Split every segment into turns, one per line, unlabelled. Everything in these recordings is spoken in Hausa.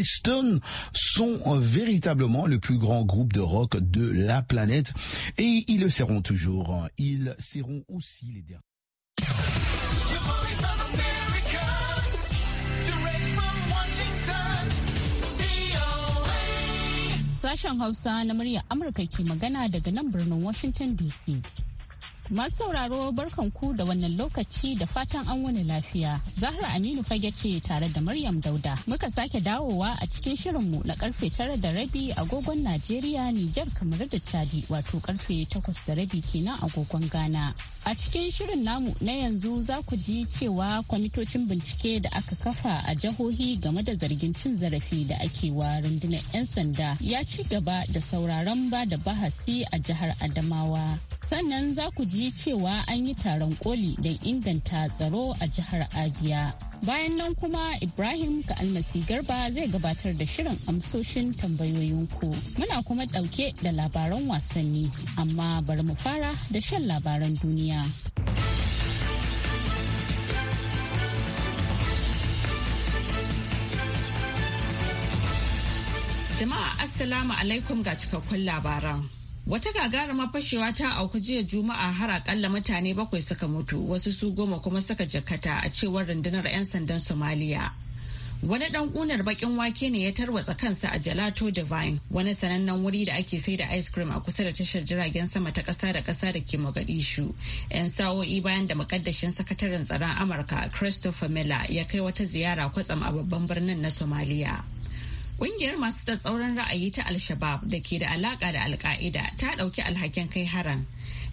les Stones sont euh, véritablement le plus grand groupe de rock de la planète et ils le seront toujours. Hein. Ils seront aussi les derniers.
Masu sauraro barkan ku da wannan lokaci da fatan an wani lafiya. Zahra Aminu fage ce tare da Maryam Dauda. Muka sake dawowa a cikin shirinmu na karfe tara da rabi agogon Najeriya Nijar kamar da Chadi wato karfe takwas da rabi kenan agogon Ghana. A cikin shirin namu na yanzu za ku ji cewa kwamitocin bincike da aka kafa a jihohi game da zargin cin zarafi da ake wa rundunar 'yan sanda ya ci gaba da sauraron ba da bahasi a jihar Adamawa. Sannan za ku ji ji cewa an yi taron koli don inganta tsaro a jihar abia bayan nan kuma ibrahim ka almasi garba zai gabatar da shirin amsoshin tambayoyinku muna kuma ɗauke da labaran wasanni amma bari mu fara da shan labaran duniya
jama'a assalamu alaikum ga cikakkun labaran Wata gagarumar fashewa ta auku jiya Juma'a har akalla mutane bakwai suka mutu wasu su goma kuma suka jakata a cewar rundunar 'yan sandan Somaliya. Wani ɗan ƙunar baƙin wake ne ya tarwatsa kansa a Gelato Divine, wani sanannen wuri da ake sai da ice cream a kusa da tashar jiragen sama ta ƙasa da ƙasa da ke Mogadishu. 'Yan sa'o'i bayan da makaddashin sakataren tsaron Amurka Christopher Miller ya kai wata ziyara kwatsam a babban birnin na Somaliya. Ƙungiyar masu tsatsauran ra'ayi ta Alshabab da ke da alaƙa da Al-Qaida ta ɗauki alhakin kai haran.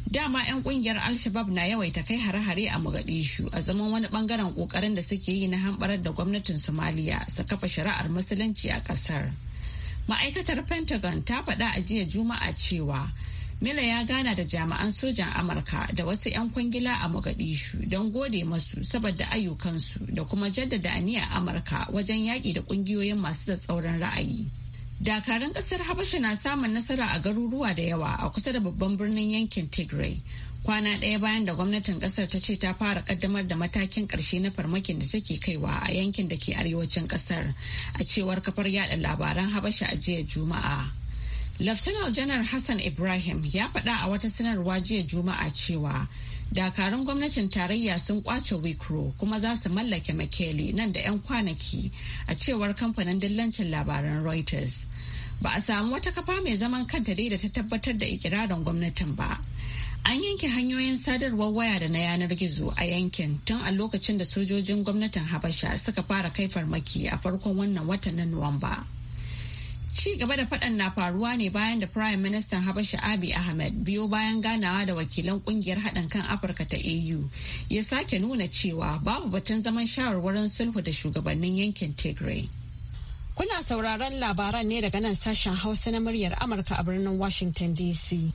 Dama 'yan ƙungiyar Alshabab na yawaita kai hare-hare a Mogadishu a zaman wani ɓangaren ƙoƙarin da suke yi na hamɓarar da gwamnatin Somalia su kafa shari'ar musulunci a ƙasar. Ma'aikatar Pentagon ta faɗa a jiya Juma'a cewa Miller ya gana da jami'an sojan Amurka da wasu 'yan kwangila a Mogadishu don gode masu saboda ayyukansu da kuma jaddada aniyar Amurka wajen yaƙi da ƙungiyoyin masu tsauran ra'ayi. Dakarun ƙasar Habasha na samun nasara a garuruwa da yawa a kusa da babban birnin yankin Tigray. Kwana ɗaya bayan da gwamnatin ƙasar ta ce ta fara ƙaddamar da matakin ƙarshe na farmakin da take kaiwa a yankin da ke arewacin ƙasar, a cewar kafar yada labaran Habasha a jiya Juma'a. Laftanar Janar Hassan Ibrahim ya faɗa a wata sanarwa jiya Juma'a cewa dakarun gwamnatin tarayya sun kwace Wikro kuma za su mallake makeli nan da 'yan kwanaki a cewar kamfanin dillancin labaran Reuters. Ba a samu wata kafa mai zaman kanta dai da ta tabbatar da ikirarin gwamnatin ba. An yanke hanyoyin sadarwar waya da na yanar gizo a yankin tun a lokacin da sojojin gwamnatin Habasha suka fara kai farmaki a farkon wannan watan na Nuwamba. Ci gaba da faɗan na faruwa ne bayan da Prime Minister Habasha Abiy Ahmed biyo bayan ganawa da wakilan kungiyar haɗin kan Afirka ta AU ya sake nuna cewa babu batun zaman shawarwarin sulhu da shugabannin yankin Tigray. Kuna sauraron labaran ne daga nan sashen Hausa na muryar Amurka a birnin Washington DC.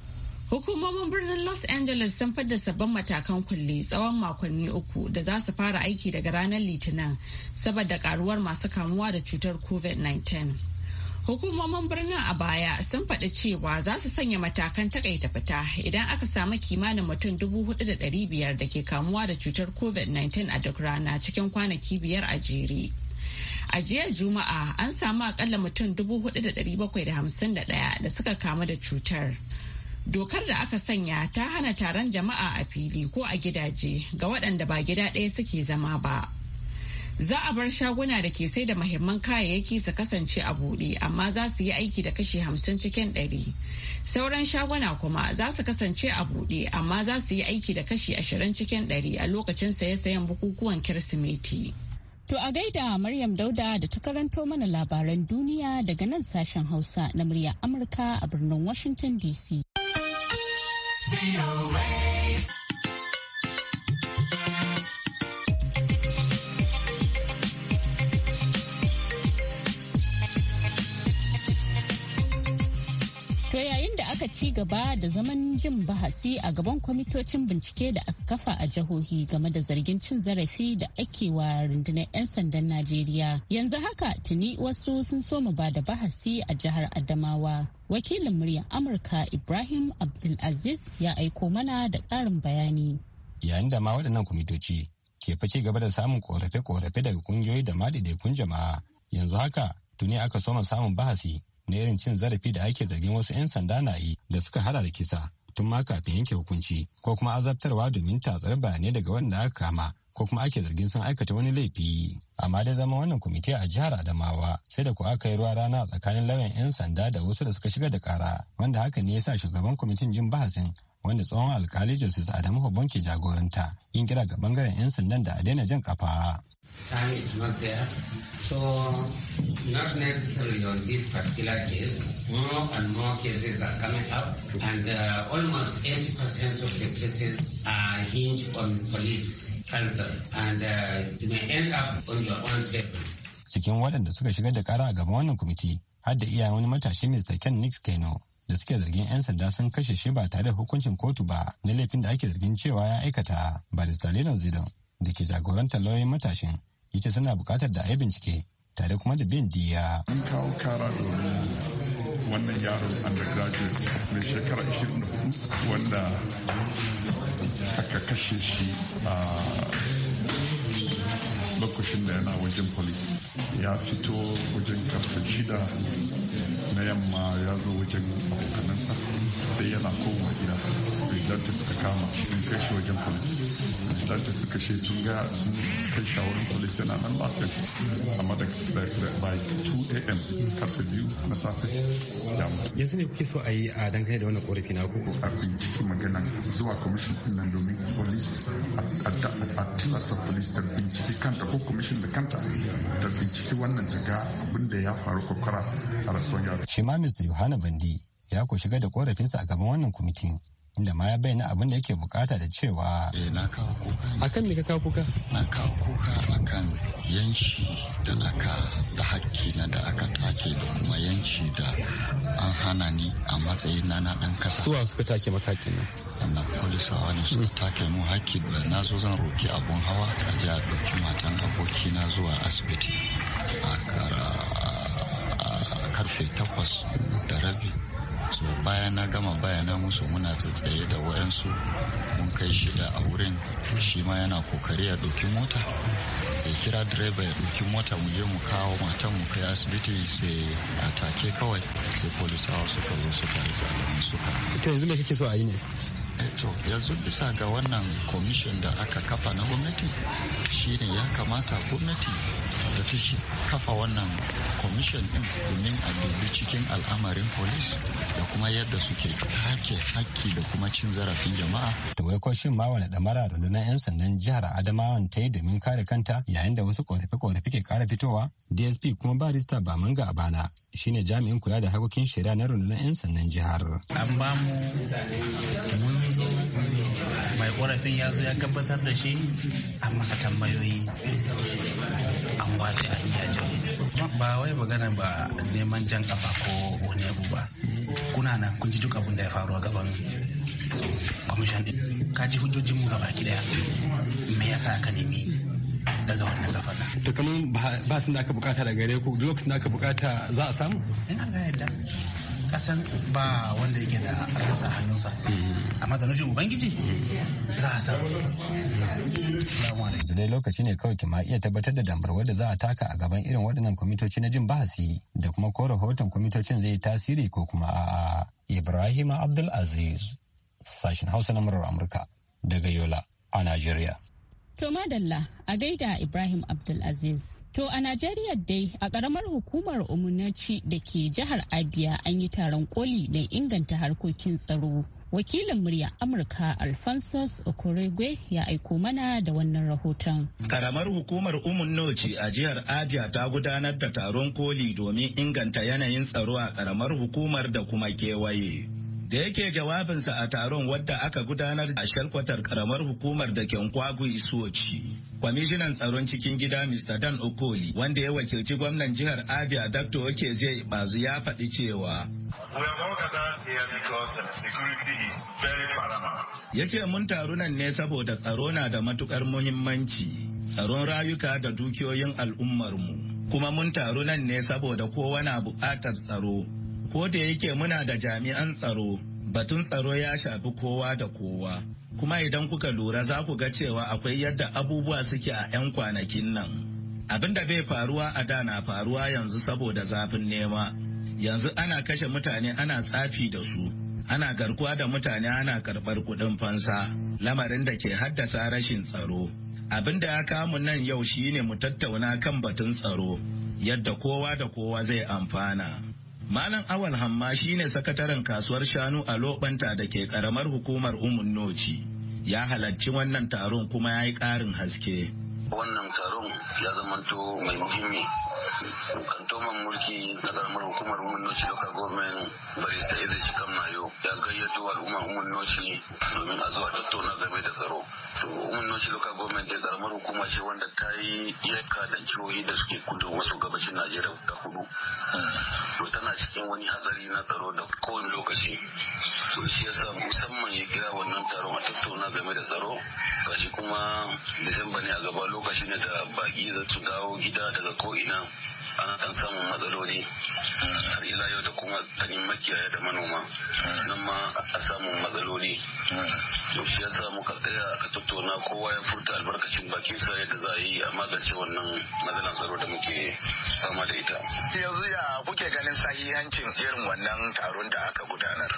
Hukumomin birnin Los Angeles sun fadda sabbin matakan kulle tsawon makonni uku da za su fara aiki daga ranar Litinin saboda karuwar masu kamuwa da cutar COVID-19. Hukumomin birnin a baya sun faɗi cewa za su sanya matakan takaita fita idan aka samu kimanin mutum dubu da biyar da ke kamuwa da cutar COVID-19 a duk rana cikin kwanaki biyar a jere. A jiya Juma'a an samu akalla mutum dubu da ɗari bakwai ɗaya da suka kamu da cutar. Dokar da aka sanya ta hana taron jama'a a fili ko a gidaje ga waɗanda ba gida ɗaya suke zama ba. za a bar shaguna da ke sai da mahimman kayayyaki su kasance a buɗe amma za su yi aiki da kashi hamsin cikin ɗari sauran shaguna kuma za su kasance a buɗe amma za su yi aiki da kashi ashirin cikin ɗari a lokacin saye-sayen bukukuwan kirsimeti
To a gaida Maryam Dauda da ta karanto mana labaran duniya daga nan sashen Hausa na murya Amurka a birnin Washington DC. aka ci gaba da zaman jin bahasi a gaban kwamitocin bincike da aka kafa a jihohi game da zargin cin zarafi da ake wa rundunar 'yan sandan Najeriya. Yanzu haka tuni wasu sun soma ba da bahasi a jihar Adamawa. Wakilin muryar Amurka Ibrahim Abdulaziz ya aiko mana da ƙarin bayani.
Yayin da ma waɗannan kwamitoci ke fice gaba da samun korafe-korafe daga ƙungiyoyi da madidaikun jama'a yanzu haka tuni aka soma samun bahasi na irin cin zarafi da ake zargin wasu 'yan sanda na yi da suka hada da kisa tun ma kafin yanke hukunci ko kuma azabtarwa domin tatsar bayanai daga wanda aka kama ko kuma ake zargin sun aikata wani laifi amma dai zama wannan kwamiti a jihar adamawa sai da ku aka yi ruwa rana tsakanin lauyan 'yan sanda da wasu da suka shiga da kara wanda haka ne ya sa shugaban kwamitin jin bahasin wanda tsohon alkali Justice Adamu Hobon ke jagoranta yin kira ga bangaren 'yan sandan da a daina jan kafa. time is not there. So not necessarily on this particular case. More and more cases are coming up, and uh, almost 80% of the cases are hinged on police counsel,
and uh, you may end up on your own table.
Cikin waɗanda suka shigar da kara a gaban wannan kwamiti har da iyayen wani matashi Mr. Ken Nix Keno da suke zargin 'yan sanda sun kashe shi ba tare da hukuncin kotu ba na laifin da ake zargin cewa ya aikata ba da Lino Zidon da ke jagorantar lauyoyin matashin ya suna bukatar da a yi bincike tare kuma da bin diya.
An kawo kara
domin wannan yaron undergraduate mai shekara 24 wanda aka kashe shi a lokacin da yana wajen police ya fito wajen karfe shida na yamma ya zo wajen abokanansa sai yana koma gida vigilante suka kama sun kai shi wajen polis vigilante suka shi sun ga sun kai shawarin police yana nan lafiya amma da by 2
am karfe biyu na safe yamma yanzu ne kuke so a yi a dangane da wannan korafi na kuku
a binciki magana zuwa kwamishin nan domin police a tilasta police ta binciki kan da ko kwamishin da kanta ta binciki wannan ta ga abin da ya
faru kwakwara a rasuwan yaro.
shi ma mr yohana bandi ya ko shiga da korafinsa a gaban wannan kwamitin inda ma ya bayyana abin da yake bukata da cewa eh, na kawo kuka akan ne ka kawo kuka na kawo kuka akan yanci da aka da hakki na da aka take da kuma yanci da an hana ni a matsayin na na dan kasa suwa suka take matakin nan wannan polisawa ne suka take mun haƙƙi da na zo zan roki abun hawa a ji a ɗauki matan aboki na zuwa asibiti a karfe takwas da rabi so bayan na gama bayana musu muna tsaitsaye da wayansu mun kai shida a wurin shi ma yana kokari ya ɗauki mota ya kira direba ya ɗauki mota mu je mu kawo matan mu kai asibiti sai a take kawai sai polisawa suka zo suka yi tsaron suka ita yanzu me kake so a yi ne to yanzu bisa ga wannan komishin da aka kafa na gwamnati shine ya kamata gwamnati ta kafa wannan kwamishin din domin a dubi cikin al'amarin polis da kuma yadda suke take
hakki da kuma cin zarafin jama'a.
Da wai kwashin ma wani damara rundunar 'yan sandan jihar Adamawan ta yi domin kare kanta yayin da wasu korafe-korafe ke kara fitowa. DSP kuma ba ba rista barista ga bana shine jami'in kula da harkokin shari'a na rundunar 'yan sandan jihar.
An ba mu mun zo mai korafin ya zo ya gabatar da shi a masa tambayoyi an wace a iya ba wai magana ba neman jan kafa ko wani abu ba kuna nan kun ji duk abin da ya faru a gaban kwamishin din ka ji hujjojin mu gaba ki daya me yasa ka nemi daga wannan
kafa to kamar ba sun da aka bukata daga gare ku lokacin da aka bukata za a samu
ina ga yadda kasan ba wanda yake da rasa hannunsa
amma da nufin ubangiji za a samu
yanzu dai lokaci ne kawai kima iya tabbatar da damar wadda za a taka a gaban irin waɗannan kwamitoci na jin bahasi da kuma ko rahoton kwamitocin zai tasiri ko kuma a ibrahim abdulaziz sashen hausa na murar amurka daga yola a najeriya
To madalla a gaida Ibrahim Abdulaziz. To a Najeriya dai a ƙaramar hukumar umunaci da ke jihar Abia an yi taron koli da inganta harkokin tsaro. wakilin murya amurka alphonsus okoregwe ya aiko mana da wannan rahoton
karamar hukumar umunoci a jihar abia ta gudanar da taron koli domin inganta yanayin tsaro a karamar hukumar da kuma kewaye da yake jawabinsa a taron wadda aka gudanar a shalkwatar karamar hukumar da ke kwagu isuoci kwamishinan tsaron cikin gida mr dan okoli wanda ya wakilci gwamnan jihar abia dr oke zai bazu ya faɗi cewa ya ce mun taru nan ne saboda tsaro na da matukar muhimmanci tsaron rayuka da dukiyoyin al'ummarmu kuma mun taru nan ne saboda kowa na buƙatar tsaro Ko da yake muna da jami'an tsaro, batun tsaro ya shafi kowa da kowa. Kuma idan kuka lura za ku ga cewa akwai yadda abubuwa suke a 'yan kwanakin nan. Abin da bai faruwa a da na faruwa yanzu saboda zafin nema. Yanzu ana kashe mutane ana tsafi da su. Ana garkuwa da mutane ana karɓar kuɗin fansa. Lamarin da ke haddasa rashin tsaro. Abin da ya kamu nan yau shine mu tattauna kan batun tsaro. Yadda kowa da kowa zai amfana. Malam Awal Hamma shine sakataren kasuwar shanu a Lobanta da ke karamar hukumar Umun Ya halarci wannan taron kuma ya yi ƙarin haske.
wannan taron ya zamanto mai muhimmi kantoman mulki na karamar hukumar umarnoci local government barista eze shikam yau ya gayyato al'ummar umarnoci domin a zuwa tattauna game da tsaro to umarnoci local government da karamar hukuma ce wanda ta yi yanka da jihohi da suke kudu wasu gabashin najeriya ta kudu to tana cikin wani hatsari na tsaro da kowane lokaci to shi yasa musamman ya kira wannan taron a tattauna game da tsaro gashi kuma disamba ne a gaba lokaci lokaci ne da baki za su dawo gida daga ko'ina ana kan samun matsaloli har ila yau da kuma tsanin makiyaya da manoma nan ma a samun matsaloli to shi yasa muka tsaya aka tattauna kowa ya furta albarkacin bakin sa yadda za a yi a magance wannan matsalan tsaro da muke fama da ita yanzu ya ganin sahihancin irin wannan taron da aka gudanar?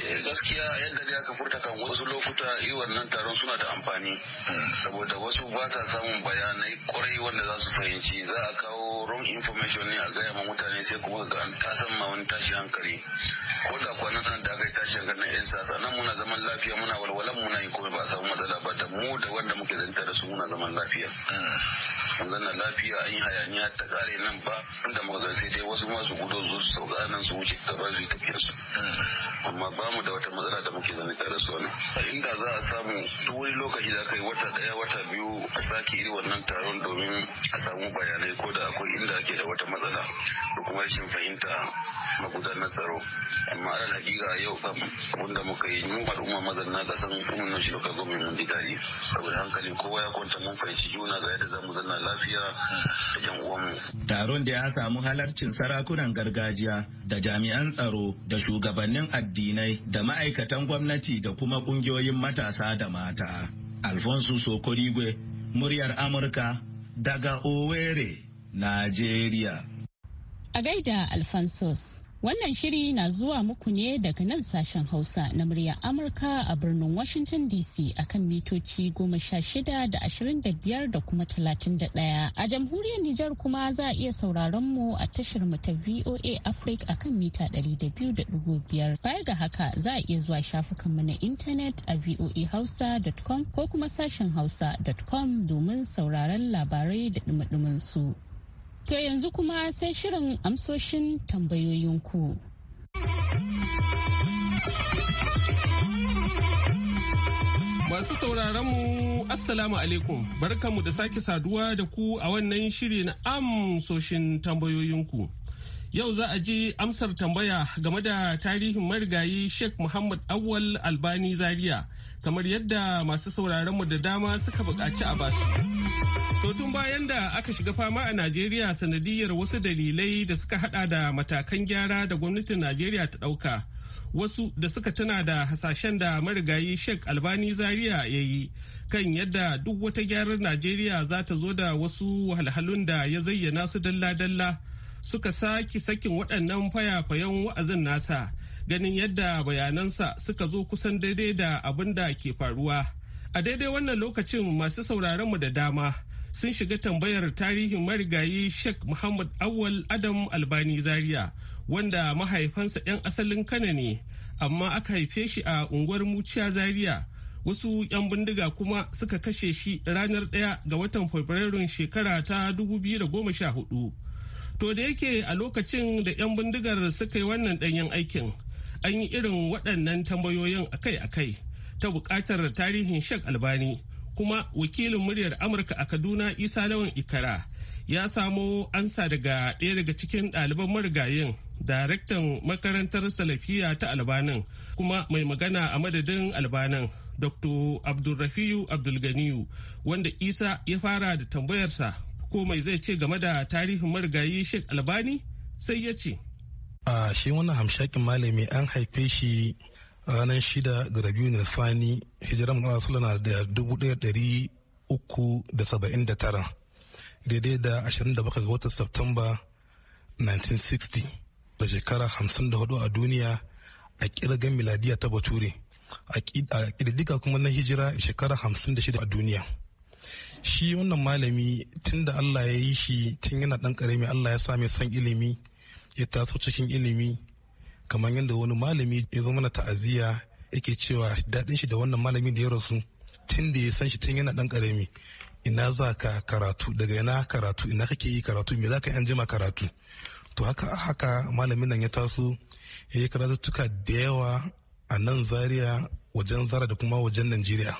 Eh, gaskiya yadda dai aka furta kan wasu lokuta yi wannan taron suna da amfani hmm. saboda wasu ba sa samun bayanai kwarai wanda za su fahimci za a kawo wrong information ne a gaya ma mutane sai kuma ga an san ma wani tashi hankali ko da kwanan nan da kai tashi hankali na yan sasa nan muna zaman lafiya muna walwalan muna yin komai ba samu matsala ba da mu da wanda muke zanta da su muna zaman lafiya yanzu hmm. na lafiya an yi hayaniya ta kare nan ba inda muka ga sai dai wasu masu gudu su sauka nan su wuce gaba su tafiya su hmm. amma ba mu da wata matsala da muke zanta da su ne inda za a samu duk wani lokaci da kai wata daya wata biyu a sake irin wannan taron domin a samu bayanai ko da akwai inda ake da wata matsala da kuma rashin fahimta na gudanar tsaro amma alal hakika yau kam wanda muka yi mu al'umma mazanna da san umarnin shi lokacin gwamnati mun saboda hankali kowa ya kwanta mun fahimci juna ga yadda zamu zanna lafiya da uwan mu
taron da ya samu halarcin sarakunan gargajiya da jami'an tsaro da shugabannin addinai da ma'aikatan gwamnati da kuma kungiyoyin matasa da mata. Alfonso Sokorigwe, muryar Amurka daga Owerri. Najeriya.
A gaida Alphonsus, wannan shiri na zuwa muku ne daga nan sashen Hausa na murya Amurka a birnin Washington DC akan mitoci goma sha shida da ashirin da biyar da kuma talatin da ɗaya. A jamhuriyar Nijar kuma za a iya sauraron mu a tashar mu ta VOA Africa akan mita ɗari da biyu da ɗigo biyar. Baya ga haka za a iya zuwa shafukan mu na intanet a voahausa.com ko kuma sashen hausa.com domin sauraron labarai da ɗumi su. To yanzu kuma sai shirin amsoshin tambayoyinku.
Masu sauraronmu Assalamu alaikum barkanmu da sake saduwa da ku a wannan shiri na amsoshin tambayoyinku. Yau za a ji amsar tambaya game da tarihin marigayi Sheikh Muhammad Awal Albani Zaria kamar yadda masu sauraronmu da dama suka buƙaci a basu. To tun bayan da aka shiga fama a Najeriya sanadiyar wasu dalilai da suka hada da matakan gyara da gwamnatin Najeriya ta dauka. Wasu da suka tana da hasashen da marigayi Sheikh Albani Zaria ya yi kan yadda duk wata gyarar Najeriya za ta zo da wasu halhalun da ya zayyana su dalla-dalla suka saki sakin waɗannan fayafayen wa'azin nasa ganin yadda bayanansa suka zo kusan daidai da abin da ke faruwa. A daidai wannan lokacin masu sauraronmu da dama. sun shiga tambayar tarihin marigayi Sheikh Muhammad Awal Adam Albani Zaria wanda mahaifansa 'yan asalin Kana ne amma aka haife shi a unguwar Muciya Zaria. Wasu 'yan bindiga kuma suka kashe shi ranar ɗaya ga watan Fabrairun shekara ta 2014. To da yake a lokacin da 'yan bindigar suka yi wannan ɗanyen aikin, an yi irin waɗannan tambayoyin akai-akai ta buƙatar tarihin shek Albani. kuma wakilin muryar amurka a kaduna isa lawan ikara ya samo ansa daga ɗaya daga cikin ɗaliban marigayin daraktan makarantar salafiya ta albanin kuma mai magana a madadin albanin dr abdulrafiyu abdulganiyu wanda isa ya fara da tambayarsa ko mai zai ce game da tarihin marigayi sheikh albani sai ya
ce a shi wannan hamshakin malami an haife shi ranar shida ga rabiu nilfani hijiran manzon sallallahu na da dubu ɗaya ɗari uku da saba'in da tara daidai da ashirin da ga watan Satumba 1960 da shekara 54 da a duniya a kirgan miladiya ta bature a kididdika kuma na hijira shekara 56 da shida a duniya shi wannan malami tun da allah ya yi shi tun yana dan karami allah ya sa mai son ilimi ya taso cikin ilimi kamar yadda wani malami ya zo mana ta'aziyya yake cewa daɗin shi da wannan malami da ya rasu tun da ya san shi tun yana ɗan ƙarami ina za ka karatu daga ina karatu ina kake yi karatu me za ka yan jima karatu to haka haka malamin nan ya taso ya yi karatuttuka da yawa a nan zaria wajen zara da kuma wajen najeriya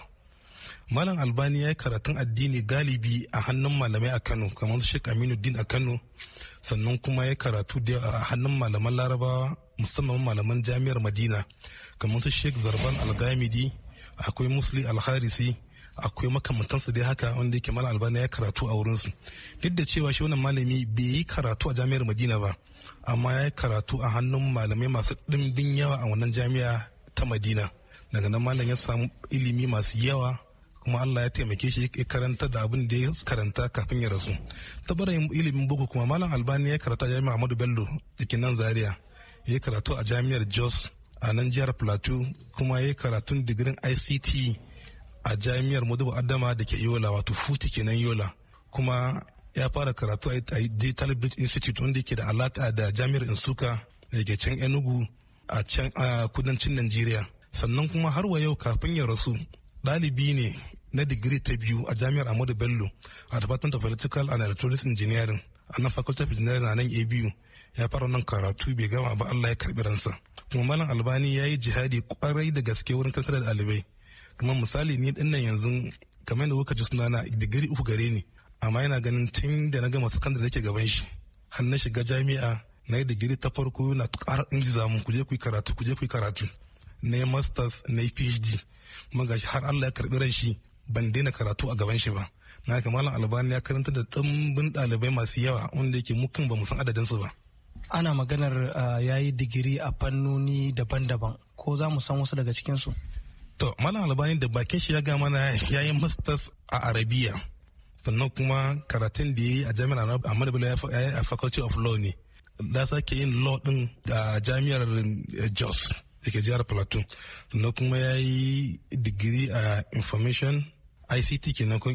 malam albani ya yi karatun addini galibi a hannun malamai a kano kamar sheik aminu din a kano sannan kuma ya karatu da a hannun malaman larabawa musamman malaman jami'ar madina kamar su shek zarban algamidi akwai musli alharisi akwai makamantansu dai haka wanda yake malam albani ya karatu a wurinsu duk da cewa shi wannan malami bai yi karatu a jami'ar madina ba amma ya yi karatu a hannun malamai masu ɗimbin yawa a wannan jami'a ta madina daga nan malam ya samu ilimi masu yawa kuma Allah ya taimake shi ya karanta da abin da ya karanta kafin ya rasu ta ilimin boko kuma malam albani ya karata jami'ar Ahmadu Bello dake nan Zaria ya karatu a jami'ar Jos a nan jihar Plateau kuma ya karatu digirin ICT a jami'ar Modubu Adama da ke Yola wato Futi kenan Yola kuma ya fara karatu a Digital Bridge Institute wanda ke da alaka da jami'ar Insuka da ke can Enugu a can kudancin Najeriya sannan kuma har wa yau kafin ya rasu ɗalibi ne na digiri ta biyu a jami'ar Ahmadu Bello a Department of Political and Electronics Engineering a nan Faculty of Engineering a nan ABU ya fara nan karatu bai gama ba Allah ya karbi ransa kuma malam Albani ya yi jihadi kwarai da gaske wurin tattalin ɗalibai Kuma misali ni ɗin nan yanzu kamar yadda kuka ji sunana digiri uku gare ni amma yana ganin tun da na gama sakandare ke gaban shi har na shiga jami'a na yi digiri ta farko na ƙara ingiza mun kuje ku yi karatu kuje ku yi karatu na yi masters na yi phd kuma gashi har Allah ya karbi ran shi ban daina karatu a gaban shi ba na ga malam albani ya karanta da ɗumbin dalibai masu yawa wanda yake mukan ba mu san adadin su ba
ana maganar ah, ya digiri a fannoni daban-daban ko za mu san wasu daga cikin su
to malam albani da bakin shi ya ga
mana yayi yi
masters a arabiya sannan kuma karatun da yayi a jami'ar Ahmad bello ya yi a faculty of law ne da sake yin law din a jami'ar eh, jos da ke jihar plateau sannan kuma ya yi digiri a information ict kenan ko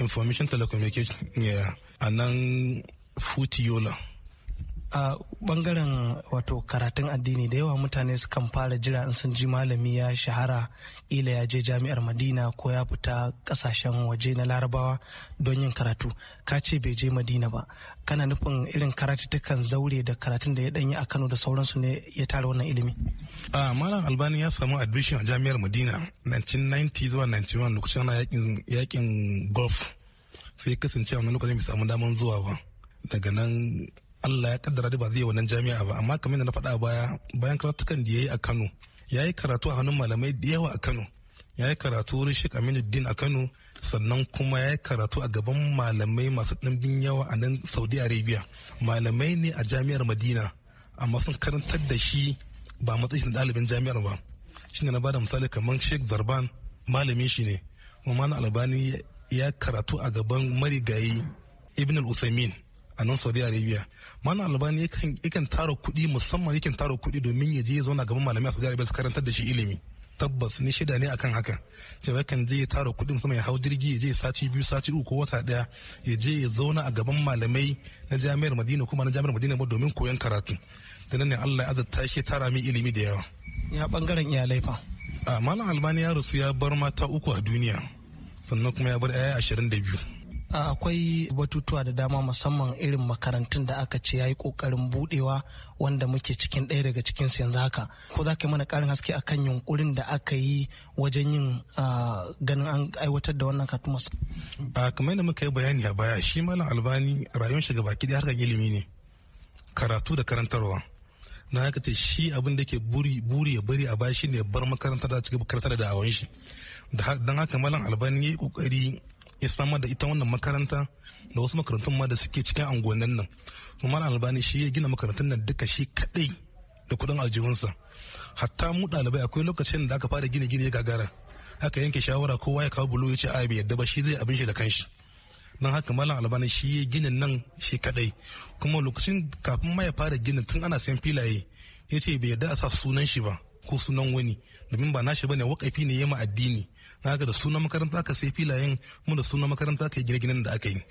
information telecommunication a nan futi yola
a bangaren wato karatun addini da yawa mutane sukan fara jira in sun ji malami ya shahara ila ya je jami'ar madina ko ya fita kasashen waje na larabawa don yin karatu ka ce bai je madina ba kana nufin irin karatuttukan zaure da karatun da ya danyi a kano da sauransu ne ya tara wannan ilimi
a malam albani ya samu admission a jami'ar madina 1990 zuwa 1991 lokacin ana yakin golf sai kasance wani lokacin bai samu daman zuwa ba daga nan Allah ya kaddara da ba zai wannan jami'a ba amma kamar da na faɗa baya bayan karatukan da yayi a Kano yayi karatu a hannun malamai da yawa a Kano yayi karatu wurin Sheikh Aminuddin a Kano sannan kuma yayi karatu a gaban malamai masu ɗimbin yawa a nan Saudi Arabia malamai ne a jami'ar Madina amma sun karantar da shi ba matsayin ɗalibin jami'ar ba shine na bada misali kamar Sheikh Zarban malamin shi ne kuma Albani ya karatu a gaban marigayi Ibn al-Usaimin a nan saudi arabia mana albani yakan tara kuɗi musamman yakan tara kuɗi domin ya je ya zauna gaban malamai a saudi arabia su karantar da shi ilimi tabbas ni shida ne akan haka cewa yakan je ya tara kuɗin sama ya hau jirgi ya je sati biyu sati uku ko wata ɗaya ya je ya zauna a gaban malamai na jami'ar madina kuma na jami'ar madina ba domin koyon karatu da nan ne allah ya azurta shi tara min ilimi da yawa ya bangaren iyalai fa a malam albani ya
rasu ya bar mata uku a
duniya sannan kuma ya bar 'ya'ya ashirin da biyu
akwai batutuwa da dama musamman irin makarantun da aka ce ya yi kokarin budewa wanda muke cikin ɗaya daga cikin su yanzu haka ko za ka yi mana karin haske akan yunkurin da aka yi wajen yin ganin an aiwatar da wannan katuma
a kamar da muka yi bayani a baya shi malam albani rayuwar shiga baki da harkar ilimi ne karatu da karantarwa na haka ce shi abin da ke buri ya bari a baya ne bar makarantar da cikin karatar da awon shi don haka malam albani ya yi kokari ya samar da ita wannan makaranta da wasu makarantun ma da suke cikin unguwannin nan umar albani shi ya gina makarantun nan duka shi kadai da kudin aljihunsa hatta mu dalibai akwai lokacin da aka fara gina gini gagara aka yanke shawara kowa ya kawo bulo ya ce a yadda ba shi zai abin shi da kanshi don haka malam albani shi ya ginin nan shi kadai kuma lokacin kafin ma ya fara gina tun ana sayan filaye ya ce bai yadda a sa sunan shi ba ko sunan wani domin ba nashi bane wakafi ne ya ma addini haka da sunan makaranta aka sai filayen mun da sunan makaranta ka yi gine-ginen da aka
yi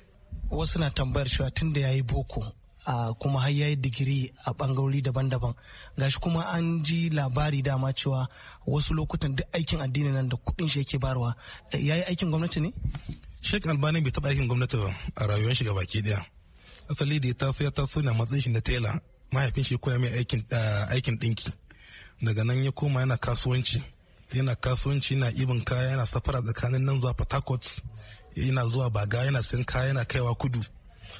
wasu na tambayar shi tun da yayi boko a kuma har yayi digiri a bangarori daban-daban gashi kuma an ji labari dama cewa wasu lokutan duk aikin addini nan da kudin shi yake barwa yayi aikin gwamnati ne Sheikh Albani bai taɓa aikin gwamnati
ba a rayuwar shi gabaki daya asali da ya taso ya
taso na matsayin shi na tela mahaifin
shi koya mai aikin dinki daga nan ya koma yana kasuwanci yana kasuwanci na ibin kaya yana safara tsakanin nan zuwa Fatakot yana zuwa baga yana sayan kaya yana kaiwa kudu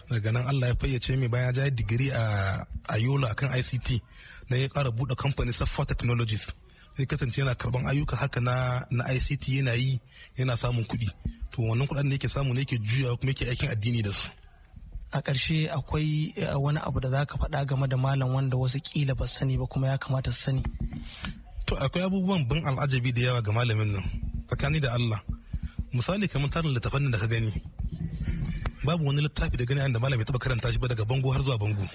daga nan Allah ya fayyace mai bayan ya digiri a ayola akan ICT na ya kara buɗe kamfanin Safa Technologies sai kasance yana karban ayyuka haka na na ICT yana yi yana samun kuɗi to wannan kuɗin da yake samu ne yake juya kuma yake aikin addini da su
a ƙarshe akwai eh, wani abu da za ka faɗa game da malam wanda wasu ƙila ba sani ba kuma ya kamata su sani
to akwai abubuwan bin al'ajabi da yawa ga malamin nan tsakani da Allah misali kamar tarin littafan da ka gani babu wani littafi da gani da malami taba karanta shi ba daga bango har zuwa bango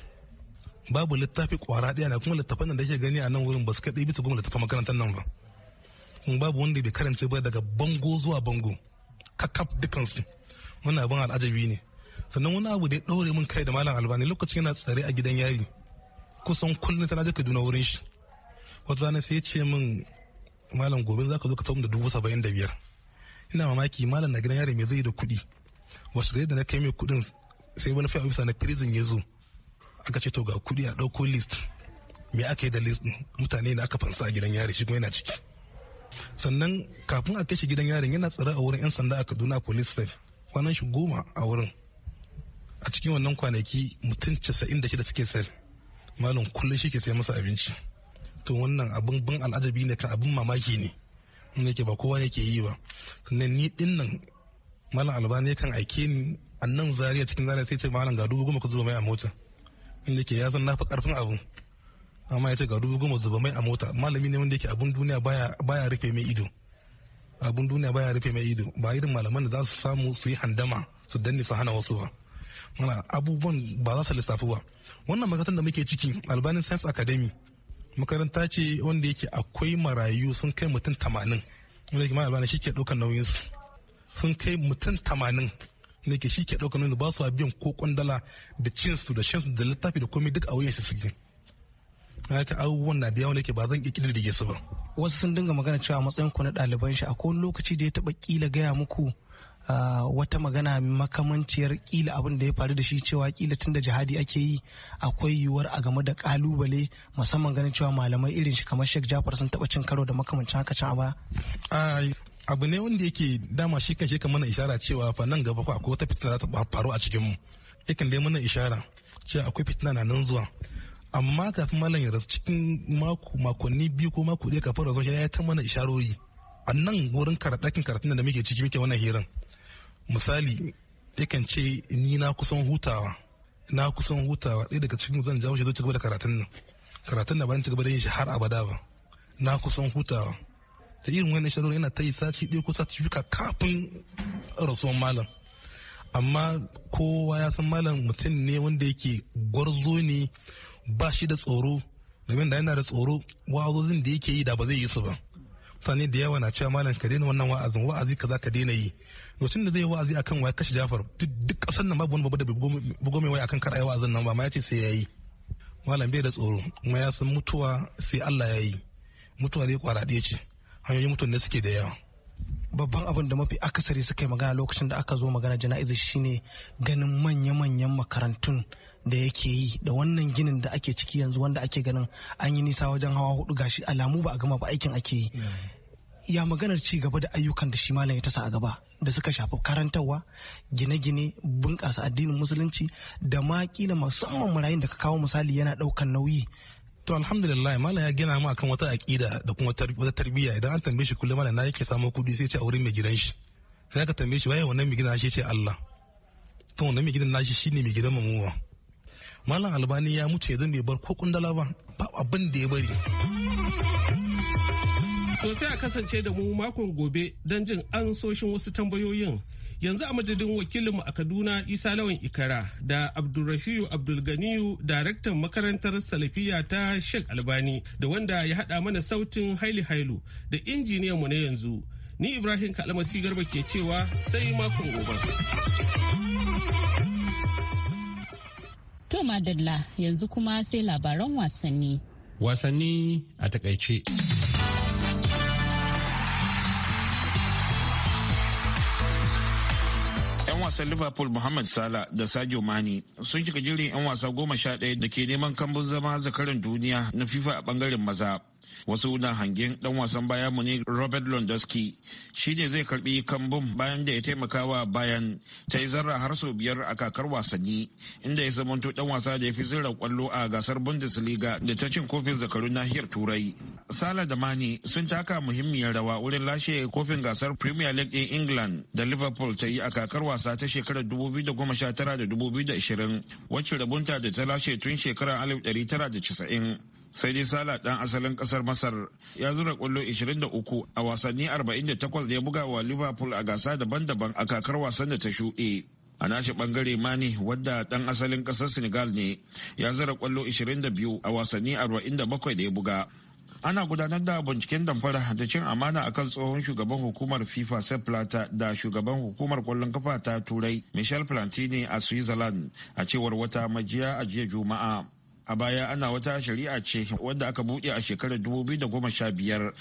babu littafi kwara daya na kuma littafan da yake gani a nan wurin ba su kai bisa goma littafan makarantar nan ba babu wanda bai karance ba daga bango zuwa bango kakaf dukansu wani abin al'ajabi ne sannan wani abu da ya ɗaure min kai da malam albani lokacin yana tsare a gidan yari kusan kullum tana je duna wurin shi wata rana sai ya ce min malam gobe za ka zo ka tsawon da dubu saba'in da biyar ina mamaki malam na gidan yare me zai da kuɗi wasu gari da na kai mai kuɗin sai wani fi a na prison ya zo aka ce to ga kuɗi a ɗauko list me aka yi da list mutane da aka fansa a gidan yare shi kuma yana ciki sannan kafin a kai shi gidan yarin yana tsare a wurin 'yan sanda a kaduna police staff kwanan shi goma a wurin a cikin wannan kwanaki mutum 96 suke sel malam kullum shi ke sai masa abinci to wannan abin bin al'adabi ne kan abin mamaki ne ne ke ba kowa ne ke yi ba sannan ni din nan malam albani kan aike ni annan zariya cikin zariya sai ce malam ga dubu goma ka zuba mai a mota inda ke ya san na fi karfin abin amma ya ce ga dubu goma zuba mai a mota malami ne wanda yake abin duniya baya rufe mai ido abin duniya baya rufe mai ido ba irin malaman da za su samu su yi handama su danne su hana wasu ba mana abubuwan ba za su lissafi ba wannan makarantar da muke ciki albani science academy makaranta ce wanda yake akwai marayu sun kai mutum tamanin wanda yake malam albana shi ke ɗaukar nauyinsu sun kai mutum tamanin ne ke shi ke ɗaukar nauyinsu ba su biyan ko kwandala da cinsu da shinsu da littafi da komai duk a wuyan su suke haka abubuwan na da yawa ke ba zan iya da su ba
wasu sun dinga magana cewa matsayin ku na ɗaliban shi akwai lokaci da ya taɓa ƙila gaya muku Ah, wata magana makamanciyar kila abin da ya faru da shi cewa kila tun da jihadi ake yi akwai yiwuwar a game da kalubale musamman ganin cewa malamai irin shi kamar Sheikh Jafar sun taba cin karo da makamancin haka can ba
ah, abu ne wanda yake dama shi kan shekar mana ishara cewa fa nan gaba ko akwai wata fitina za ta faru a cikin mu yakan dai mana ishara cewa akwai fitina na nan zuwa amma kafin malam ya rasu cikin mako makonni biyu ko mako ɗaya kafin rasu ya ta mana isharori a nan wurin karatun da muke ciki muke wannan hirar misali yakan ce ni na kusan hutawa na kusan hutawa ɗaya daga cikin zan jawo shi zai cigaba da karatun nan karatun nan ba ci gaba da yin shi har abada ba na kusan hutawa ta irin wannan shawarar yana ta yi sati ɗaya ko sati biyu kafin rasuwan malam amma kowa ya san malam mutum ne wanda yake gwarzo ne ba shi da tsoro domin da yana da tsoro wa'azozin da yake yi da ba zai yi su ba sani da yawa na cewa malam ka daina wannan wa'azin wa'azi kaza ka daina yi lokacin da zai yi wa'azi akan waya kashe Jafar duk kasar nan babu wani babu da bugo mai waya akan kar ayi wa'azin nan ba ma yace sai ya yi. malam bai da tsoro kuma ya san mutuwa sai Allah ya yi mutuwa dai kwara ɗaya ce hanyoyin mutuwa ne suke da yawa
babban abin da mafi akasari suka yi magana lokacin da aka zo magana jana'izu shine ganin manya-manyan makarantun da yake yi da wannan ginin da ake ciki yanzu wanda ake ganin an yi nisa wajen hawa hudu gashi alamu ba a gama ba aikin ake yi ya maganar ci gaba da ayyukan da shi malam ya tasa a gaba da suka shafi karantarwa gine-gine bunƙasa addinin musulunci da ma kila musamman marayun da ka kawo misali yana ɗaukan nauyi to alhamdulillah malam ya gina mu akan wata aƙida da kuma wata tarbiyya idan an tambaye shi kullum malam
na yake samun kuɗi sai ce a wurin mai gidan shi sai ka tambaye shi waye wannan mai gidan shi ce Allah to wannan mai gidan nashi shine mai gidan mamuwa malam albani ya mutu ya zan bar ko kundala ba abin da ya bari to sai a kasance da mu
makon gobe don jin ansoshin wasu tambayoyin yanzu a madadin wakilinmu a kaduna isa lawan ikara da abdulrahiyu abdulganiyu daraktan makarantar salafiya ta sheikh albani da wanda ya haɗa mana sautin haili hailu da injiniyanmu na yanzu ni ibrahim kalamasi garba ke cewa sai makon gobe.
To Madalla yanzu kuma sai labaran
wasanni. Wasanni a takaice. ‘Yan wasan Liverpool Muhammad Salah da Sadio Mane sun shiga jirin 'yan wasa goma sha ɗaya da ke neman kambun zama zakaran duniya na FIFA a ɓangaren maza. wasu na hangen dan wasan baya mu ne robert lewandowski shi ne zai karbi kambun bayan da ya taimaka wa bayan ta yi zarra har sau biyar a kakar wasanni inda ya zamanto dan wasa da ya fi zira kwallo a gasar bundesliga da ta cin kofin zakarun nahiyar turai sala da mani sun taka muhimmiyar rawa wurin lashe kofin gasar premier league din england da liverpool ta yi a kakar wasa ta shekarar 2019 da 2020 wacce rabunta da ta lashe tun shekarar 1990 sai dai sala dan asalin kasar masar ya zura kwallo 23 a wasanni 48 da ya buga wa liverpool a gasa daban-daban a kakar wasan da ta shuɗe a nashi bangare mani wadda dan asalin kasar senegal ne ya zura kwallo 22 a wasanni 47 da ya buga ana gudanar da binciken damfara da cin amana akan tsohon shugaban hukumar fifa sepp plata da shugaban hukumar kwallon kafa ta turai michel plantini a switzerland a cewar wata majiya a jiya juma'a a baya ana wata shari'a ce wadda aka buɗe a shekarar da sha 2015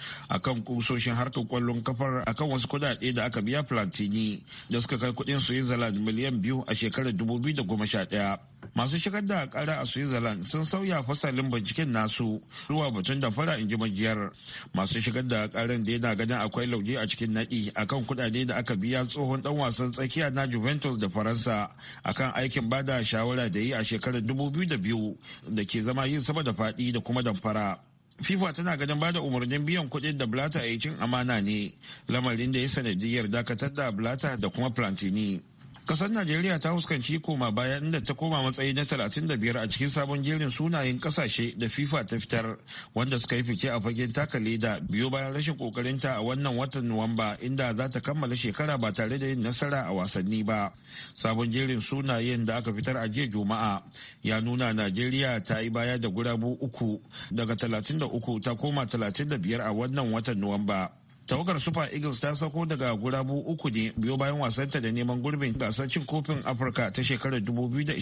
kan kusoshin harkar kwallon kafar a kan wasu kudade da aka biya plantini da suka kai kudin switzerland miliyan biyu a shekarar da sha ɗaya. masu shigar da kara a switzerland sun sauya fasalin binciken nasu zuwa batun da fara in ji majiyar masu shigar da karin da yana ganin akwai lauje a cikin naɗi akan kudade da aka biya tsohon dan wasan tsakiya na juventus da faransa akan aikin bada shawara da yi a shekarar 2002 da ke zama yin sama da fadi da kuma damfara fifa tana ganin bada umarnin biyan kuɗi da blata a cin amana ne lamarin da ya sanadiyar dakatar da blata da kuma plantini kasar najeriya ta fuskanci koma baya inda ta koma matsayi na 35 a cikin sabon jerin sunayen kasashe da fifa ta fitar wanda suka yi fice a fagen taka leda biyo bayan rashin kokarinta a wannan watan nuwamba inda za ta kammala shekara ba tare da yin nasara a wasanni ba sabon jerin sunayen da aka fitar a jiya juma'a ya nuna najeriya ta yi baya da gurabu uku daga 33 ta koma 35 a wannan watan nuwamba tawagar super eagles ta sauko daga gurabu uku ne biyo bayan wasanta da neman gurbin gasar cin kofin afirka ta shekarar 2021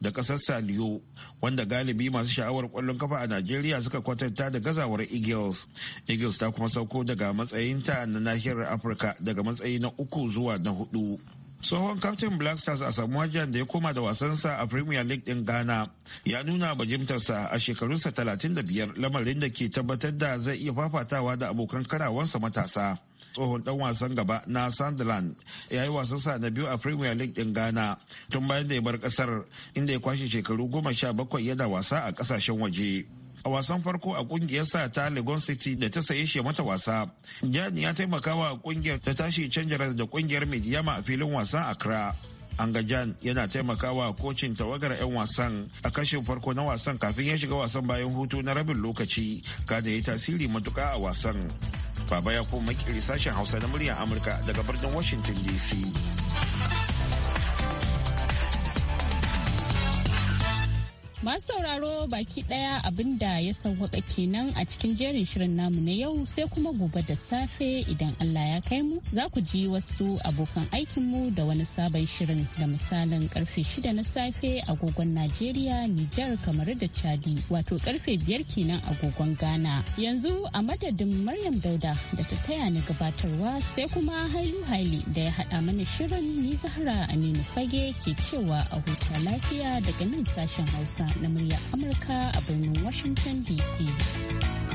da kasar saliyo wanda galibi masu sha'awar kwallon kafa a nigeria suka kwatanta da gazawar eagles eagles ta kuma sauko daga matsayinta na nahiyar afirka daga matsayi na uku zuwa na hudu tsohon kaftin black stars a samuwa da ya koma da wasansa a premier league din ghana ya nuna bajimtarsa a shekarunsa 35 lamarin da ke tabbatar da zai iya fafatawa da abokan karawansa matasa tsohon dan wasan gaba na sunderland ya yi wasansa na biyu a premier league din ghana tun bayan da ya bar kasar inda ya kwashe shekaru goma sha bakwai yana wasa a kasashen waje a wasan farko a sa ta Legon City da ta saye shi mata wasa. Jani ya taimaka wa kungiyar ta tashi canjaras da kungiyar Midiyama a filin wasan Accra. anga jan yana taimakawa kocin tawagar 'yan wasan a kashin farko na wasan kafin ya shiga wasan bayan hutu na rabin lokaci kada ya tasiri matuka a wasan. Baba ya kuma makiri sashen Hausa na muryar Amurka daga birnin Washington DC.
Masu sauraro baki ɗaya abin da ya sauwaka kenan a cikin jerin shirin namu na yau sai kuma gobe da safe idan Allah ya kai mu za ku ji wasu abokan aikinmu da wani sabon shirin da misalin karfe shida na safe agogon Najeriya, Nijar, kamar da Chadi wato karfe biyar kenan agogon Ghana. Yanzu a madadin Maryam Dauda da ta taya ni gabatarwa sai kuma Hailu Haili da ya haɗa mana shirin ni Zahra Aminu Fage ke cewa a huta. huta lafiya daga nan sashen Hausa na murya Amurka a birnin Washington DC.